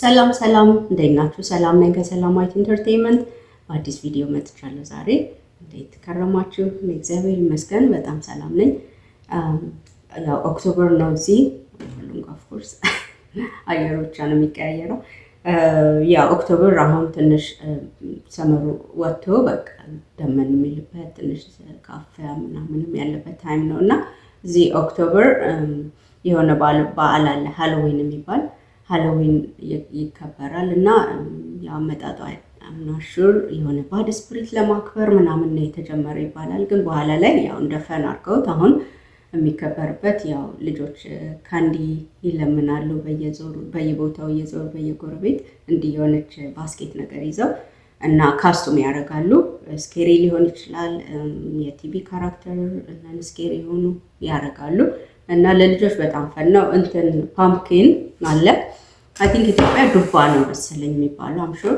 ሰላም ሰላም፣ እንዴት ናችሁ? ሰላም ነኝ ከሰላማዊት ኢንተርቴንመንት በአዲስ ቪዲዮ መጥቻለሁ። ዛሬ እንዴት ከረማችሁ? እግዚአብሔር ይመስገን በጣም ሰላም ነኝ። ያው ኦክቶበር ነው እዚህ ሁሉም ኦፍኮርስ አየሩ ብቻ ነው የሚቀያየረው። ያው ኦክቶበር አሁን ትንሽ ሰመሩ ወጥቶ በቃ ደመን የሚልበት ትንሽ ካፊያ ምናምንም ያለበት ታይም ነው እና እዚህ ኦክቶበር የሆነ በዓል አለ ሃሎዊን የሚባል ሃሎዊን ይከበራል እና የአመጣጧ አምናሹር የሆነ ባድ ስፕሪት ለማክበር ምናምን ነው የተጀመረ ይባላል። ግን በኋላ ላይ ያው እንደ ፈን አድርገውት አሁን የሚከበርበት ያው ልጆች ከንዲ ይለምናሉ በየዞሩ በየቦታው እየዞሩ በየጎረቤት እንዲህ የሆነች ባስኬት ነገር ይዘው እና ካስቱም ያደርጋሉ። ስኬሪ ሊሆን ይችላል የቲቪ ካራክተር እና ስኬሪ የሆኑ ያደርጋሉ። እና ለልጆች በጣም ፈን ነው። እንትን ፓምኪን አለ አይ ቲንክ ኢትዮጵያ ዱባ ነው መሰለኝ የሚባለው አምሹር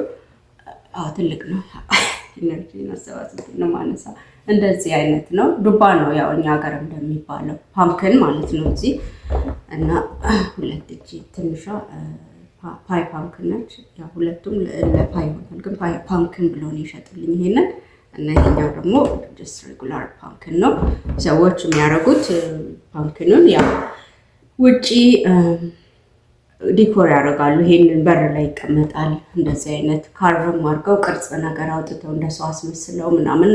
ትልቅ ነው። ኢነርጂ ማሰባሰብ ነው ማነሳ እንደዚህ አይነት ነው። ዱባ ነው ያው እኛ ሀገር እንደሚባለው ፓምኪን ማለት ነው እዚህ እና ሁለት እጅ ትንሿ ፓይ ፓምኪን ነች። ሁለቱም ለፓይ ይሆናል፣ ግን ፓምኪን ብሎ ነው የሸጡልኝ ይሄንን እና ይሄኛው ደግሞ ጀስት ሬጉላር ፓንክን ነው። ሰዎች የሚያደርጉት ፓንክንን ያው ውጪ ዲኮር ያደርጋሉ። ይሄንን በር ላይ ይቀመጣል። እንደዚህ አይነት ካርቭም አድርገው ቅርጽ ነገር አውጥተው እንደ ሰው አስመስለው ምናምን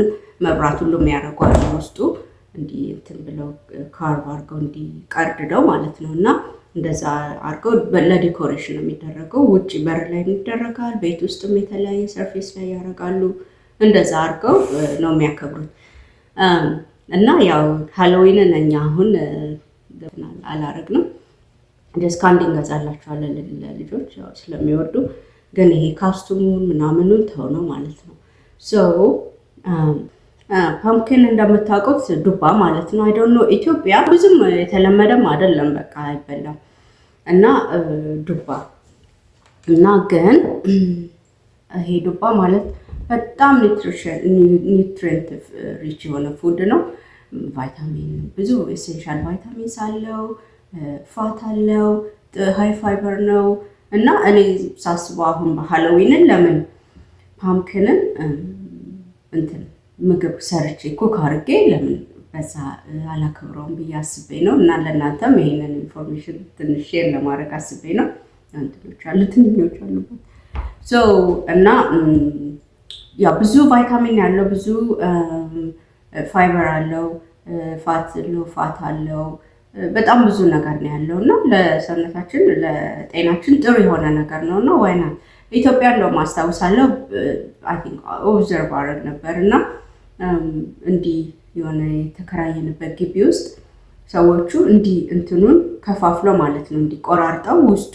መብራት ሁሉም ያደርጓል። ውስጡ እንዲህ እንትን ብለው ካርቭ አድርገው እንዲቀርድደው ማለት ነው እና እንደዛ አድርገው ለዲኮሬሽን የሚደረገው ውጭ በር ላይ ይደረጋል። ቤት ውስጥም የተለያየ ሰርፌስ ላይ ያደርጋሉ። እንደዛ አድርገው ነው የሚያከብሩት። እና ያው ሃሎዊንን እኛ አሁን አላረግንም ደስ ከአንድ እንገዛላቸዋለን ለልጆች ስለሚወዱ፣ ግን ይሄ ካስቱሙን ምናምኑን ተው ነው ማለት ነው። ፐምኪን እንደምታውቁት ዱባ ማለት ነው። አይ ኢትዮጵያ ብዙም የተለመደም አይደለም፣ በቃ አይበላም እና ዱባ እና ግን ይሄ ዱባ ማለት በጣም ኒውትሪንት ሪች የሆነ ፉድ ነው። ቫይታሚን ብዙ ኤሴንሻል ቫይታሚንስ አለው፣ ፋት አለው፣ ሃይ ፋይበር ነው እና እኔ ሳስበው አሁን ሃሎዊንን ለምን ፓምክንን እንትን ምግብ ሰርቼ ኩክ አድርጌ ለምን በዛ አላከብረውም ብዬ አስቤ ነው እና ለእናንተም ይሄንን ኢንፎርሜሽን ትንሽ ሼር ለማድረግ አስቤ ነው። እንትኖች አሉ ትንኞች አሉበት እና ያው ብዙ ቫይታሚን ያለው ብዙ ፋይበር አለው፣ ፋት ሎ ፋት አለው በጣም ብዙ ነገር ነው ያለው እና ለሰውነታችን ለጤናችን ጥሩ የሆነ ነገር ነው እና ዋይና ኢትዮጵያ እንደውም አስታውሳለሁ ኦብዘርቭ አረግ ነበር እና እንዲህ የሆነ የተከራየንበት ግቢ ውስጥ ሰዎቹ እንዲህ እንትኑን ከፋፍለው ማለት ነው እንዲቆራርጠው ውስጡ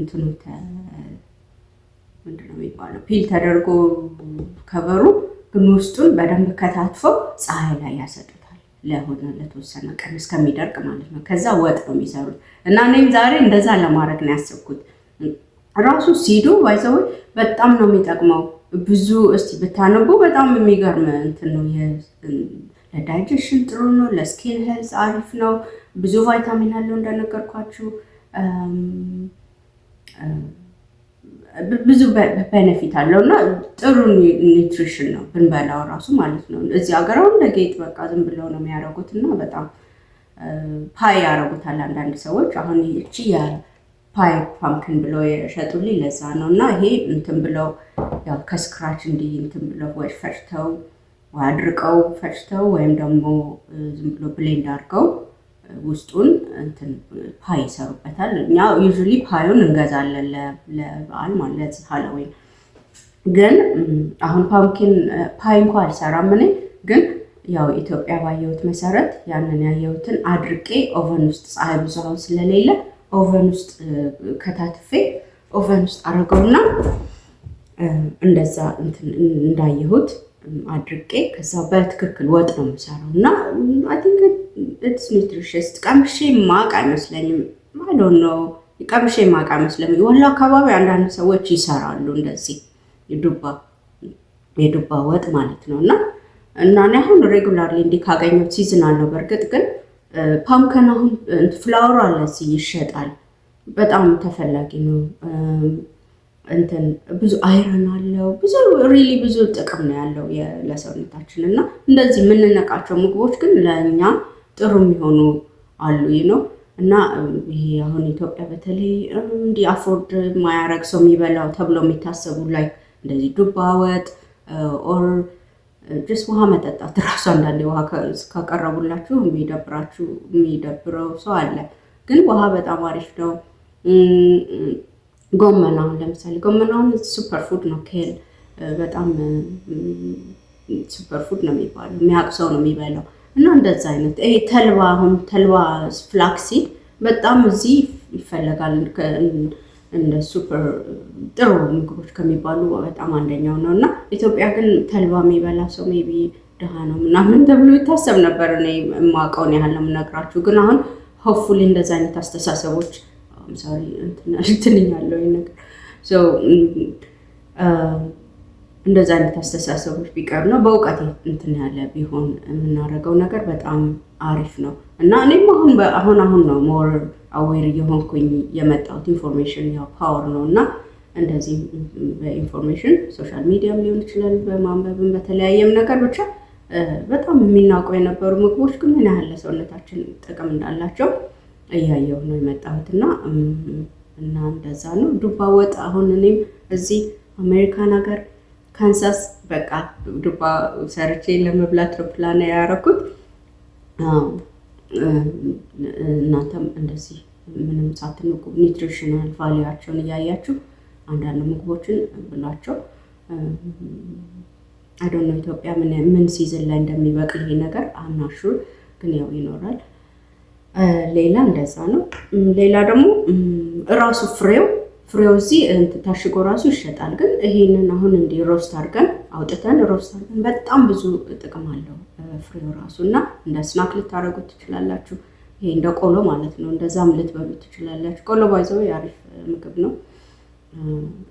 እንትኑ ምንድነው የሚባለው ፒል ተደርጎ ከበሩ ግን ውስጡን በደንብ ከታትፎ ፀሐይ ላይ ያሰጡታል። ለሆነ ለተወሰነ ቀን እስከሚደርቅ ማለት ነው። ከዛ ወጥ ነው የሚሰሩት እና እኔም ዛሬ እንደዛ ለማድረግ ነው ያሰብኩት። ራሱ ሲዱ ባይዘው በጣም ነው የሚጠቅመው። ብዙ እስቲ ብታነቡ በጣም የሚገርም እንትን ነው። ለዳይጀሽን ጥሩ ነው፣ ለስኪን ሄልዝ አሪፍ ነው። ብዙ ቫይታሚን አለው እንደነገርኳችሁ ብዙ በነፊት አለው እና ጥሩ ኒውትሪሽን ነው ብንበላው ራሱ ማለት ነው። እዚህ ሀገር አሁን ለጌጥ በቃ ዝም ብለው ነው የሚያደርጉት እና በጣም ፓይ ያደርጉታል አንዳንድ ሰዎች። አሁን ይቺ ፓይ ፓምክን ብለው የሸጡልኝ ለዛ ነው እና ይሄ እንትን ብለው ያው ከስክራች እንዲህ እንትን ብለው ወይ ፈጭተው አድርቀው ፈጭተው ወይም ደግሞ ዝም ብሎ ብሌንድ አድርገው ውስጡን እንትን ፓይ ይሰሩበታል። እኛ ዩዝሊ ፓዩን እንገዛለን ለበዓል ማለት ሃሎዊን። ግን አሁን ፓምኪን ፓይ እንኳ አልሰራም እኔ ግን ያው ኢትዮጵያ ባየሁት መሰረት ያንን ያየሁትን አድርቄ ኦቨን ውስጥ ፀሐይ ብዙ ስለሌለ ኦቨን ውስጥ ከታትፌ ኦቨን ውስጥ አረገውና እንደዛ እንዳየሁት አድርቄ ከዛ በትክክል ወጥ ነው የምሰራው እና አይ ቲንክ ኢትስ ኒውትሪሽስ ቀምሼ ማቅ አይመስለኝም። ማዶን ነው ቀምሼ ማቅ አይመስለኝም። ወሎ አካባቢ አንዳንድ ሰዎች ይሰራሉ እንደዚህ የዱባ የዱባ ወጥ ማለት ነው። እና እና እኔ አሁን ሬጉላርሊ እንዲህ ካገኘሁት ሲዝን አለው። በእርግጥ ግን ፓምከን አሁን ፍላወሩ አለ እዚህ ይሸጣል። በጣም ተፈላጊ ነው። እንትን ብዙ አይረን አለው። ብዙ ሪሊ ብዙ ጥቅም ነው ያለው ለሰውነታችን እና እንደዚህ የምንነቃቸው ምግቦች ግን ለእኛ ጥሩ የሚሆኑ አሉ ነው እና ይሄ አሁን ኢትዮጵያ በተለይ እንዲህ አፎርድ ማያረግ ሰው የሚበላው ተብሎ የሚታሰቡ ላይ እንደዚህ ዱባ ወጥ ኦር ጅስ ውሃ መጠጣት ራሱ አንዳንዴ ውሃ ካቀረቡላችሁ የሚደብራችሁ የሚደብረው ሰው አለ። ግን ውሃ በጣም አሪፍ ነው። ጎመን አሁን ለምሳሌ ጎመን አሁን ሱፐር ፉድ ነው። ኬል በጣም ሱፐር ፉድ ነው የሚባለው፣ የሚያውቅ ሰው ነው የሚበላው። እና እንደዚ አይነት ይሄ ተልባ አሁን ተልባ ፍላክሲድ በጣም እዚህ ይፈለጋል። እንደ ሱፐር ጥሩ ምግቦች ከሚባሉ በጣም አንደኛው ነው እና ኢትዮጵያ ግን ተልባ የሚበላ ሰው ሜይ ቢ ድሃ ነው ምናምን ተብሎ ይታሰብ ነበር። እኔ የማውቀውን ያህል ነው የምነግራችሁ። ግን አሁን ሆፉሊ እንደዚ አይነት አስተሳሰቦች ሳሪ ትንኛለው ነገር እንደዛ አይነት አስተሳሰቦች ቢቀር ነው በእውቀት እንትን ያለ ቢሆን የምናደርገው ነገር በጣም አሪፍ ነው እና እኔም አሁን አሁን አሁን ነው ሞር አዌር እየሆንኩኝ የመጣሁት። ኢንፎርሜሽን ያው ፓወር ነው እና እንደዚህ በኢንፎርሜሽን ሶሻል ሚዲያም ሊሆን ይችላል በማንበብም በተለያየም ነገር ብቻ በጣም የሚናውቀው የነበሩ ምግቦች ግን ምን ያህል ለሰውነታችን ጥቅም እንዳላቸው እያየሁ ነው የመጣሁት እና እና እንደዛ ነው ዱባ ወጥ አሁን እኔም እዚህ አሜሪካን ሀገር ካንሳስ በቃ ዱባ ሰርቼ ለመብላት ነው ፕላን ያደረኩት። እናንተም እንደዚህ ምንም ሳትንቁ ኒትሪሽናል ቫሊያቸውን እያያችሁ አንዳንድ ምግቦችን ብሏቸው። አይዶን ኢትዮጵያ ምን ሲዝን ላይ እንደሚበቅ ይሄ ነገር አናሹር፣ ግን ያው ይኖራል። ሌላ እንደዛ ነው። ሌላ ደግሞ እራሱ ፍሬው ፍሬው እዚህ ታሽጎ ራሱ ይሸጣል። ግን ይሄንን አሁን እንዲህ ሮስት አድርገን አውጥተን ሮስት አድርገን በጣም ብዙ ጥቅም አለው ፍሬው ራሱ እና እንደ ስናክ ልታደርጉት ትችላላችሁ። ይሄ እንደ ቆሎ ማለት ነው። እንደዛም ልትበሉ ትችላላችሁ። ቆሎ ባይዘው የአሪፍ ምግብ ነው።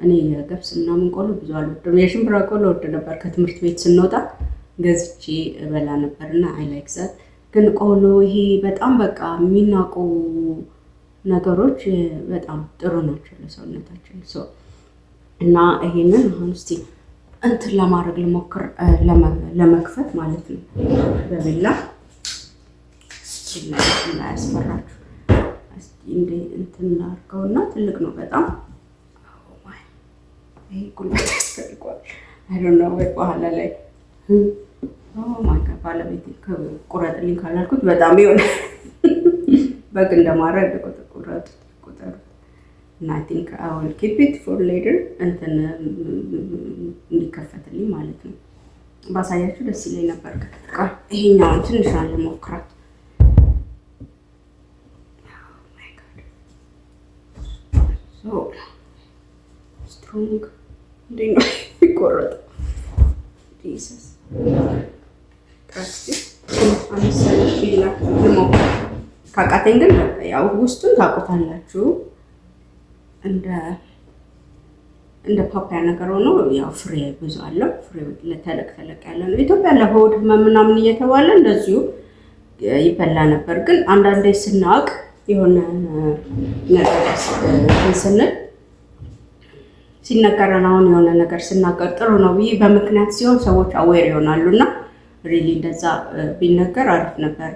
እኔ የገብስ ምናምን ቆሎ ብዙ አልወድም። የሽምብራ ቆሎ ወድ ነበር ከትምህርት ቤት ስንወጣ ገዝቼ እበላ ነበርና አይ ላይክ ዛት ግን ቆሎ ይሄ በጣም በቃ የሚናቁ ነገሮች በጣም ጥሩ ናቸው ለሰውነታችን። እና ይሄንን አሁን እስቲ እንትን ለማድረግ ልሞክር፣ ለመክፈት ማለት ነው። በቢላ እንዳያስፈራችሁ እንትን እናድርገውና ትልቅ ነው በጣም ይሄ ጉልበት ያስፈልገዋል። አይዶነ ወይ በኋላ ላይ ባለቤት ቁረጥልኝ ካላልኩት በጣም ይሆናል በግ እንደማድረግ ቁረጡት፣ ቁጠሩት እና አይ ቲንክ አሁን ኪፕ ኢት ፎር ሌደር እንትን እንዲከፈትልኝ ማለት ነው። ባሳያችሁ ደስ ይለኝ ነበር። ከተጠቃል ይሄኛውን ትንሽ ልሞክራት። ስትሮንግ oh እንዴት ነው ይቆረጥ? ጂሰስ ፕራክቲስ አምሳ ላ ልሞክር ካቃተኝ ግን ያው ውስጡን ታውቁታላችሁ እንደ እንደ ፓፓያ ነገር ሆኖ ያው ፍሬ ብዙ አለው። ፍሬ ለተለቅ ተለቅ ያለ ነው። ኢትዮጵያ ለሆድ ህመም ምናምን እየተባለ እንደዚሁ ይበላ ነበር። ግን አንዳንዴ ስናውቅ የሆነ ነገር ስንል ሲነገረን አሁን የሆነ ነገር ስናገር ጥሩ ነው ብዬ በምክንያት ሲሆን ሰዎች አዌር ይሆናሉ እና ሪሊ እንደዛ ቢነገር አሪፍ ነበር።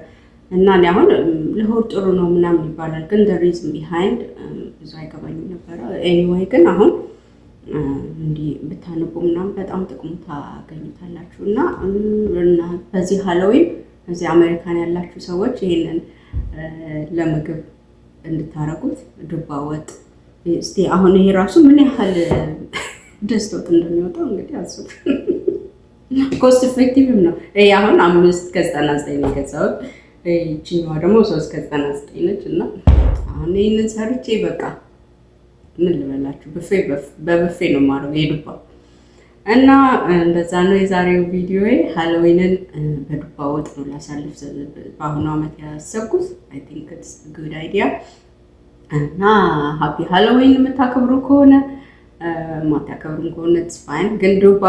እና እኔ አሁን ለሆድ ጥሩ ነው ምናምን ይባላል፣ ግን ሪዝን ቢሃይንድ ብዙ አይገባኝም ነበረ። ኤኒዌይ ግን አሁን እንዲህ ብታነቡ ምናምን በጣም ጥቅሙ ታገኙታላችሁ። እና በዚህ ሀሎዊን እዚህ አሜሪካን ያላችሁ ሰዎች ይሄንን ለምግብ እንድታረጉት ዱባ ወጥ እስቲ አሁን ይሄ ራሱ ምን ያህል ደስቶት እንደሚወጣው እንግዲህ አስቡ። ኮስት ኢፌክቲቭም ነው ይሄ አሁን አምስት ከዘጠና ዘጠኝ የገዛሁት ይችኛዋ ደግሞ ሶስት ከዘጠና ዘጠኝ ነች እና አሁን ይህንን ሰርቼ በቃ ምን ልበላችሁ በብፌ ነው የማደርገው የዱባ እና እንደዛ ነው የዛሬው ቪዲዮ። ሃሎዊንን በዱባ ወጥ ነው ላሳልፍ በአሁኑ ዓመት ያሰብኩት። አይ ቲንክ ኢትስ ጉድ አይዲያ እና ሀፒ ሃሎዊን የምታከብሩ ከሆነ ማታከብሩም ከሆነ ትስፋይን ግን ዱባ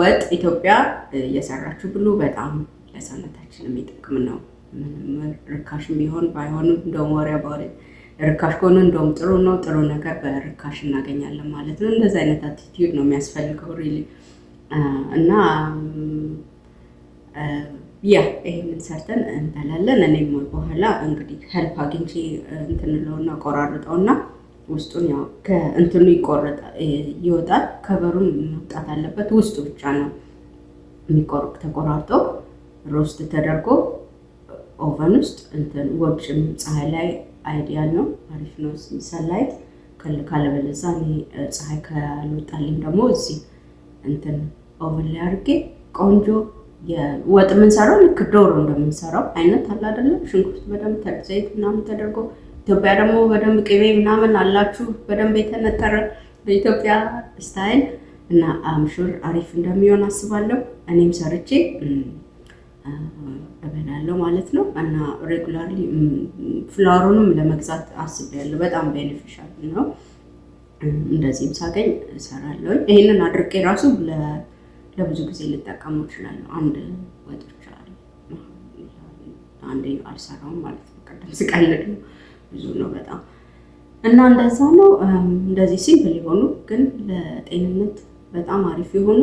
ወጥ ኢትዮጵያ እየሰራችሁ ብሉ። በጣም ለሰውነታችን የሚጠቅም ነው። ርካሽም ቢሆን ባይሆንም እንደውም ወሪያ ባሪ ርካሽ ከሆነ እንደውም ጥሩ ነው። ጥሩ ነገር በርካሽ እናገኛለን ማለት ነው። እንደዚህ አይነት አቲቲዩድ ነው የሚያስፈልገው ሪሊ እና ያ ይሄንን ሰርተን እንበላለን። እኔም በኋላ እንግዲህ ሄልፕ አግኝቼ እንትንለውና ቆራርጠውና ውስጡን ያው ከእንትኑ ይወጣል። ከበሩን መውጣት አለበት። ውስጡ ብቻ ነው የሚቆርቅ ተቆራርጦ ሮስት ተደርጎ ኦቨን ውስጥ እንትን ወግሽም ፀሐይ ላይ አይዲያል ነው፣ አሪፍ ነው። ሰላይት ካለበለዛ ፀሐይ ካልወጣልኝ ደግሞ እዚህ እንትን ኦቨን ላይ አድርጌ ቆንጆ ወጥ የምንሰራው ልክ ዶሮ እንደምንሰራው አይነት አለ አይደለም። ሽንኩርት በደንብ ተዘይት ምናምን ተደርጎ ኢትዮጵያ ደግሞ በደንብ ቅቤ ምናምን አላችሁ በደንብ የተነጠረ በኢትዮጵያ ስታይል እና አምሹር አሪፍ እንደሚሆን አስባለሁ። እኔም ሰርቼ እበላለሁ ማለት ነው። እና ሬጉላሪ ፍላሮንም ለመግዛት አስቤያለሁ። በጣም ቤኔፊሻል ነው። እንደዚህም ሳገኝ እሰራለሁ። ይህንን አድርጌ ራሱ ለብዙ ጊዜ ልጠቀመው እችላለሁ። አንድ ወጥ አንዴ አልሰራውም ማለት ነው። ቀደም ስቀልድ ነው። ብዙ ነው በጣም እና እንደዛ ነው። እንደዚህ ሲምፕል የሆኑ ግን ለጤንነት በጣም አሪፍ የሆኑ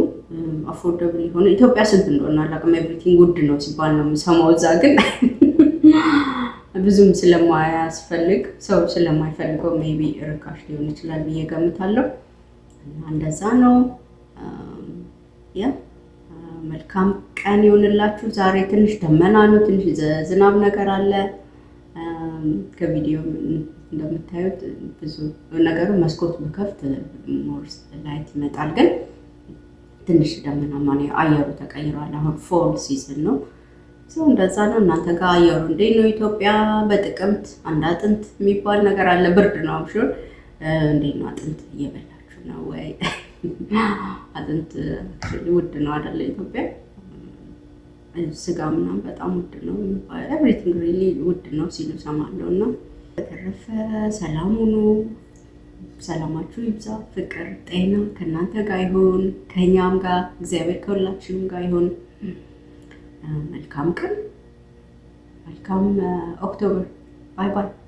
አፎርደብል የሆኑ ኢትዮጵያ ስንት እንደሆነ አላውቅም። ኤቭሪቲንግ ውድ ነው ሲባል ነው የምሰማው። እዛ ግን ብዙም ስለማያስፈልግ ሰው ስለማይፈልገው ሜይ ቢ ርካሽ ሊሆን ይችላል ብዬ ገምታለሁ። እንደዛ ነው። መልካም ቀን ይሆንላችሁ። ዛሬ ትንሽ ደመና ነው፣ ትንሽ ዝናብ ነገር አለ። ከቪዲዮ እንደምታዩት ብዙ ነገሩ መስኮት ብከፍት ሞርስ ላይት ይመጣል፣ ግን ትንሽ ደመናማ ነው። አየሩ ተቀይሯል። አሁን ፎል ሲዝን ነው። ሰው እንደዛ ነው። እናንተ ጋር አየሩ እንዴት ነው? ኢትዮጵያ በጥቅምት አንድ አጥንት የሚባል ነገር አለ። ብርድ ነው አብሹር። እንዴት ነው? አጥንት እየበላችሁ ነው ወይ? አጥንት ውድ ነው አይደለ? ኢትዮጵያ ስጋ ምናምን በጣም ውድ ነው ኤቭሪቲንግ ሪሊ ውድ ነው ሲሉ ሰማለው እና በተረፈ ሰላም ሁኑ፣ ሰላማችሁ ይብዛ፣ ፍቅር ጤና ከእናንተ ጋር ይሁን፣ ከእኛም ጋር እግዚአብሔር ከሁላችንም ጋር ይሁን። መልካም ቀን፣ መልካም ኦክቶበር። ባይ ባይ።